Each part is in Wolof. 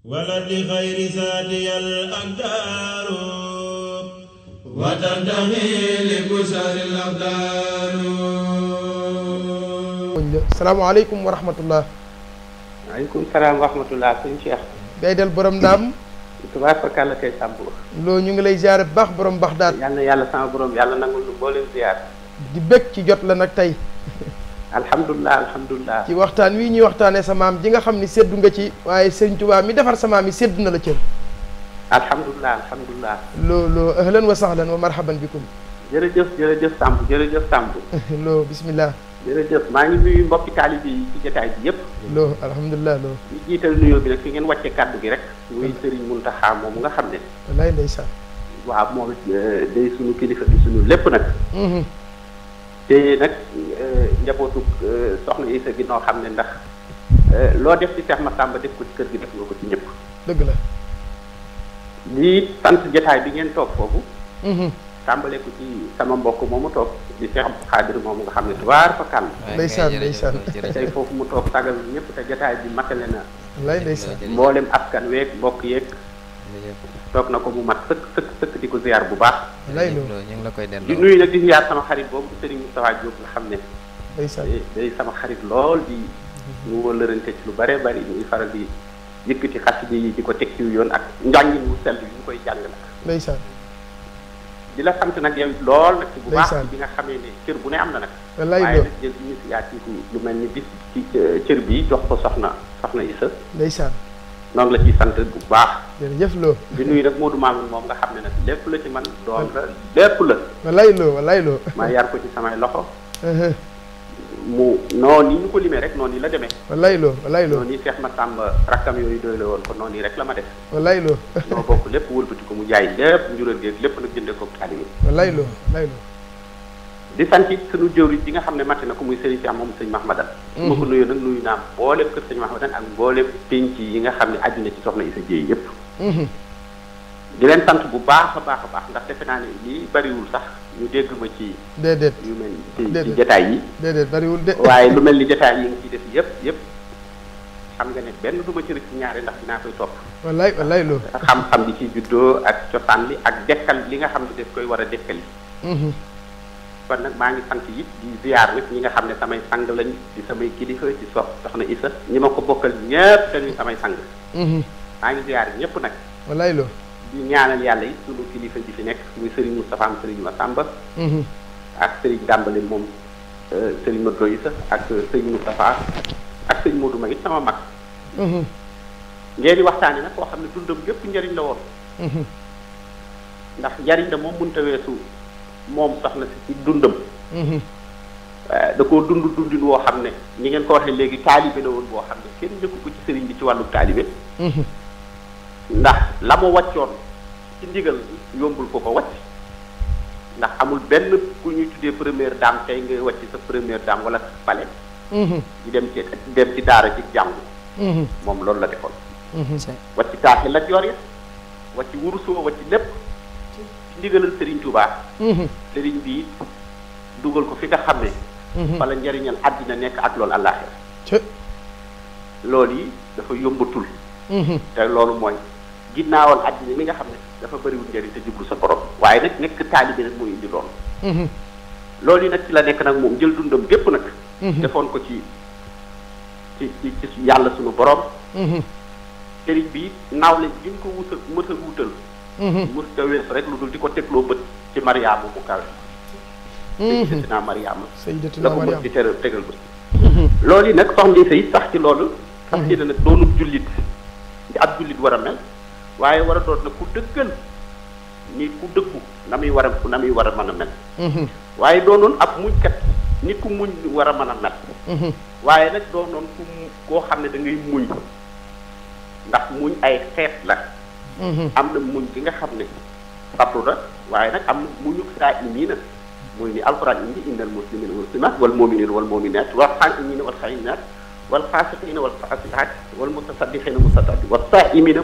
wala di xayri saati al akdaaru wa tantaxi li busaari al akdaaru salaamaaleykum wa rahmatullah waaleykum salaam wa rahmatullah suñu Cheikh day dal borom ndaam tubaab fakar la koy sàmb loolu ñu ngi lay ziyaare baax borom baax daal yàlla yàlla sama borom yàlla nangul lu booleen ziyaar di bëgg ci jot la nag tey alhamdulilah alhamdulilah. ci waxtaan wi ñuy waxtaanee sa maam ji nga xam ni séddu nga ci waaye sëñ Tuubaa mi defar sa maam yi séddu na la cër. alhamdulilah alhamdulilah. loo loo ahlan wa sahlan wa marhaban bikum. jërëjëf jërëjëf a jërëjëf Samb. loo bismillah. jërëjëf maa ngi nuyu mbokki taalibe yi ci jotaay bi yëpp. loo alhamdulilah loo. ñu jiital nuyoo bi nag fi ngeen wàcce kàddu gi rek. muy Serigne Mountakha moom nga xam ne. wallaay ndeysaan. waaw moom it eh, day sunu kilifa di lépp nag. Mhm. te eh, njabootu euh, soxna Isa gi noo xam ne ndax euh, loo def ci Cheikh Massamba def ko ci kër gi def nga ko ci ñëpp. dëgg la. di sant jotaay bi ngeen toog foofu. Mm-hmm. tàmbale ci sama mbokk mu toog di Cheikh Abdou Khadir moomu nga xam ne tubaar fa kàll. ndeysaan ndeysaan tey foofu mu toog sagal ñëpp te jotaay bi matale na. lay ndeysaan mboolem askan weeg mbokk yeeg. toog na ko mu mat sëkk sëkk sëkk di ko ziar bu baax. lay ñu ngi la koy delloo di nuyu nag di ziar sama day sama xarit lool di ñu wëlërante ci lu bare bari ñuy faral di ci xasida yi di ko teg ci yoon ak njàngin wu sell yu ñu koy jàng nag ndeysaan di la sant nag yow lool nag ci bu baax bi nga xamee ne cër bu ne am na nag wallaay waaye nag jël lu mel ni bis ci euh, cër bi jox ko soxna soxna Issa ndeysaan noonu la ciy sant bu baax jërëjëf loo di nuy nag Modou Mamoun moom nga xam ne nag lépp la ci man doom la lépp la wallaay loo wallaay loo ma yar ko ci samay loxo uh-huh. mu noonu yi ñu ko limee rek noonu yi la demee. wallaay loo wallaay loo noonu yi Cheikh Massamba rakkam yooyu doy la woon kon noon yi rek la ma def. wallaay loo. ñoo bokk lépp wëlbati ko mu jaay lépp njural géeg lépp nag jëndee ko taalibe yi. wallaay loo wallaay loo. di sant it sunu jëwriñ bi nga xam ne matt na ko muy sëriñ Cheikh moom sañ Mahmadan. su mhm. ma ko nuyoo nag nuyu naa mboolem kër sëñ Mahmadan ak mboolem penc yi nga xam ne aju na ci soxna Issa Dieye yëpp. Mhm. di leen sant bu baax a baax a baax ndax defe naa ne lii bariwul sax ñu dégg ma ci. déedéet yu mel ci jotaay yi. déedéet bariwul de. waaye lu mel ni jotaay yi nga ciy def yëpp xam nga ne benn du ma ci rëcc ñaare ndax dinaa koy topp. wallaay wallaay loolu. xam-xam bi ci juddoo ak cosaan li ak dekkal li nga xam ne daf koy war a dekkali. Mm-hmm. kon nag maa ngi sant yi di ziar nag ñi nga xam ne samay sang lañ di samay kilifa ci so na Isa ñi ma ko bokkal ñëpp dañuy samay sang. Mm-hmm. maa ngi ziar ñëpp nag. wallaay loolu. di ñaanal yàlla yi sunu kilifa ji fi nekk muy Serigne Moustapha am Serigne Massamba mhm. ak Serigne dàmbale moom euh, Serigne Modou Isa ak Serigne Moustapha ak Serigne Modou Magui sama mag mhm. ngeen di nag koo xam ne dundam gépp njariñ la woon mhm. ndax njariñ la moom mënta weesu moom soxna si ci dundam euh, da koo dund dundin woo xam ne ñi ngeen ko waxee léegi taalibe la woon boo xam ne kenn njëkku ko ci sëriñ bi ci wàllu taalibe ndax lamu waccion ci ndigal yombul ko ko wacc ndax amul benn ku ñuy tuddee première dame tey nga wacc sa première dame wala sa palais mhm. di dem ci dem ci daara ci jàng mhm. moom loolu la defoon mhm, wàcc taaxi la yor ya wàcc wurusoo wàcc lépp ci ndigalal sëriñ tubaa sëriñ bi dugal ko fi nga xam ne wala la njariñal àddina nekk ak loolu àllaaxira loolu yi dafa yombatul te loolu mooy ginnaawal àddina mi nga xam ne dafa bëriwul njëriñ te jublu sa borom waaye nag nekk taalibi nag mooy indi loolu mhm. loolu yi nag ci la nekk nag moom jël dundam gépp nag mhm. defoon ko ci ci yàlla suñu borom sëriñ mhm. bi naaw lañ ko wutal mët a wutal lu dul di ko tegloo bët ci mariama bu kawe sayyidatina mariama la ko mës di teral tegal bët loolu yi nag sax ci loolu sax ci ne nag doonub jullit ab jullit war a mel waaye war a doon na ku dëggal nit ku dëggu na muy war a na war a mën a mel mhm. waaye doo doonoon ab muñkat nit ku muñ war a mën a mel mhm. waaye nag doo ku koo xam ne dangay ngay muñ ndax muñ ay xeet la mhm. am na muñ gi nga xam ne sabru la waaye nag am na muñu saa imii na mooy ni alquran indi innal muslimina wal muslimat wal muminina wal muminat wal xaasimina wal xaaminat wal faasiqina wal faasiqat wal mutasaddixina musaddaqi was saimina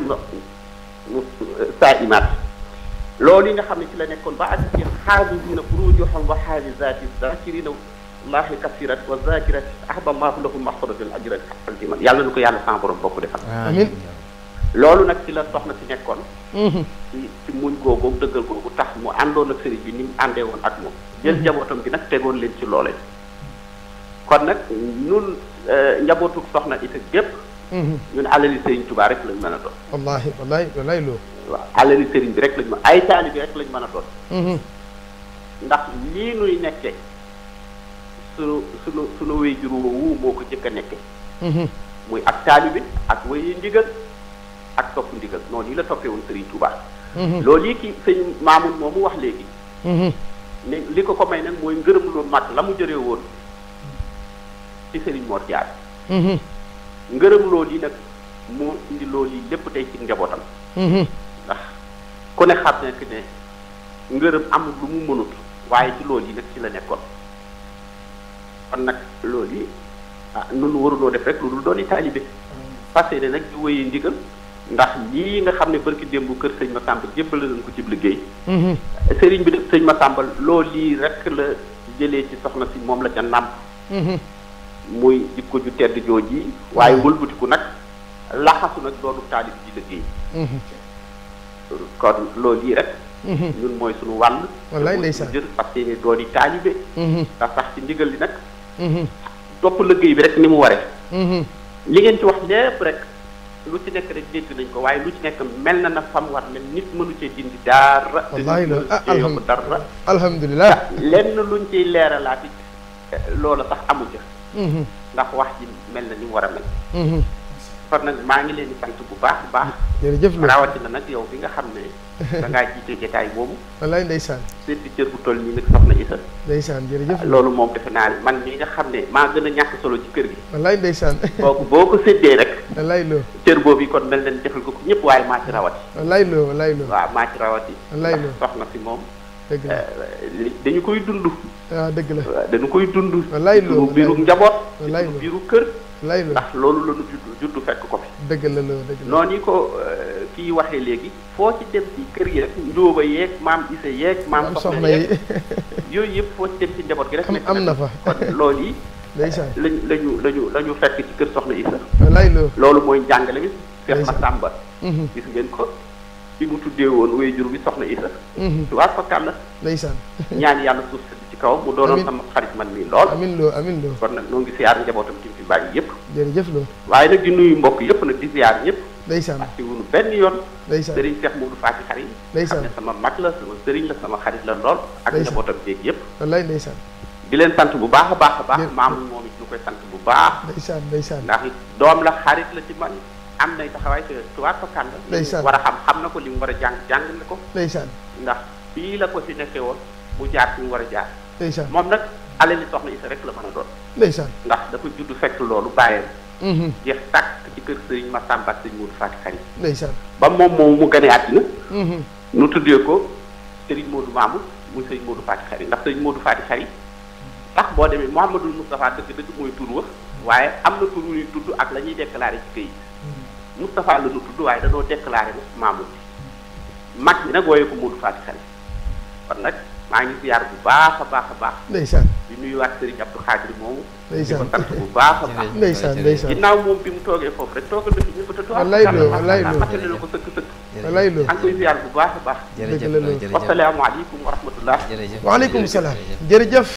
saa imaat loolu yi nga xam ne ci la nekkoon ba ak ci xaafisina furuujuhum wa xaafizaati zaakirina laahi kasirat wa zaakirat ahba llaahu lahum maxfiratan ajran aziiman yàlla la ko yàlla sans borom bokk defal. amiin loolu nag ci la soxna si nekkoon. ci ci muñ googu dëggal googu tax mu àndoon ak sëriñ bi ni mu àndee woon ak moom. jël njabootam gi nag tegoon leen ci loolee. kon nag ñun njabootu soxna itam gépp ñun alali Serigne tubaa rek lañ mën a doon. wallaahi wallaahi wallaahi loo. waaw alali Serigne bi rek lañ mën ay taalibe lañ mën a doon. Mhm. ndax lii nuy nekkee sunu sunu sunu wéyjur woowu moo ko jëkk a nekkee. Mhm. muy ak taalibe ak wéyi ndigal ak topp ndigal noonu yi la toppee woon Serigne Touba. Mhm. loolu yi ki sëñ Mamoun moomu wax léegi. ne li ko ko may nag mooy ngërëm lu mag la mu jëree woon ci Serigne Mor ngërëm loolu yi nag mu indi loolu yi lépp tey ci njabootam. Mhm. ndax ku ne xam ne ne ngërëm amul lu mu mënut waaye ci lool yi nag ci la nekkoon kon nag lool yi ah nun waruloo def rek lu dul doon i taalibe parce que nag di wéyee ndigal ndax lii nga xam ne barki démb kër sëñ Massamba jébbal nañ ko cib liggéey. Mhm. sëriñ bi def sëñ Massamba loolu lii rek la jëlee ci soxna si moom la ca nàmp. Mhm. muy jikko ju tedd jooji waaye mm-hmm. wëlbatiku nag laxasu nag doonu taalib ji liggéey mm-hmm. kon loolu yi rek mm-hmm. ñun mooy suñu wàll wallaay ndeysaan jër parce que ne doon yi taalibe ndax sax ci ndigal li nag topp liggéey bi rek ni mu waree li ngeen ci wax lépp rek lu ci nekk rek dégg nañ ko waaye lu ci nekk mel na na fam war mel nit mënu cee dindi dara wallaay loolu ah alhamdulilah dara lu luñ ciy leeralaat loola sax amu ca mhm. ndax wax ji mel na ni war a mel mhm. kon nag maa ngi leen di sant bu baax a baax jërëjëf la rawatina nag yow bi nga xam ne da ngaa jiite jotaay boobu wallaay ndeysaan serviteur bu toll nii nag soxna Issa ndeysaan jërëjëf loolu moom defe naa ne man mi nga xam ne maa gën a ñàkk solo ci kër gi wallaay ndeysaan kooku boo ko séddee rek wallaay loo cër boobu kon mel na ni defal ko ko ñëpp waaye maa ci rawati wallaay loo wallaay loo waaw maa ci rawati wallaay loo soxna si moom Eh, dañu koy dund. ah dëgg la waaw dañu koy dund. wallaay loolu biiru njaboot. wallaay loolu kër. wallaay loolu ndax loolu la ñu juddu fekk ko fi. dëgg la loolu dëgg la noonu yi ko eh, kii waxee léegi. foo ci dem ci kër yi rek njóoba yeeg maam isa yeeg. maam soxna yeeg yooyu yëpp foo ci dem ci njaboot gi rek. am am na fa kon loolu yi. ndeysaan lañu lañu lañu lañu fekk ci kër soxna isa. wallaay loolu mooy njàngale bi. ndeysaan Seex Masamba. Mhm. gis ngeen ko. bi mu tuddee woon waajur bi soxna Isa. waa Fakkan la. ndeysaan. ñaan yàlla suuf si ci kawam mu doonoon man mii loo amin loo kon nag ñoo ngi siyaar njabootam ci fi bàyyi yëpp. jërëjëf loo waaye nag di nuyu mbokk yëpp nag di siyaar ñëpp. ndeysaan ak sama mag la la sama xarit la lool. ak njabootam beeg yëpp. wallaay ndeysaan. di sant bu baax a baax a baax. maamul moom it ñu koy sant bu baax. ndeysaan ndeysaan la xarit la ci man am nay taxawaay te tubaab ko kànd ndeysaan war a xam xam na ko li mu war a jàng jàng na ko ndeysaan ndax fii la ko ci nekkee woon mu jaar fi mu war a jaar ndeysaan moom nag alal li soxna isa rek la mën a doon ndeysaan ndax dafa juddu fekk loolu bàyyeen mm-hmm. jeex tàkk ci kër sëriñ Masamba ak sëriñ Mourou Fati Xari ndeysaan ba moom moom mu gënee àddina mm-hmm. nu tuddee ko sëriñ Modou Mamou muy sëriñ Modou Fati Xari ndax sëriñ Modou Fati Xari tax boo demee Mouhamadou Moustapha dëgg dëgg mooy tur wax waaye am na tur wu ñuy ak la ñuy déclaré ci këyit Moustapha la ñu tudd waaye danoo déclaré ne maamu mag bi nag wooyee ko Modou Faty Sall nag maa ngi ziar bu baax a baax a baax. ndeysaan di nuyuwaat Serigne Abdou Khadir moomu. ndeysaan di ko sant bu baax a baax. ndeysaan ndeysaan ginnaaw moom bi mu toogee foofu rek toogal na fi ñu ko te a wallaay loo wallaay loo fàttali na ko sëkk sëkk. wallaay loo ak koy ziar bu baax a baax. jërëjëf dëgg la loolu. wasalaamaaleykum wa rahmatulah. jërëjëf waaleykum salaam jërëjëf.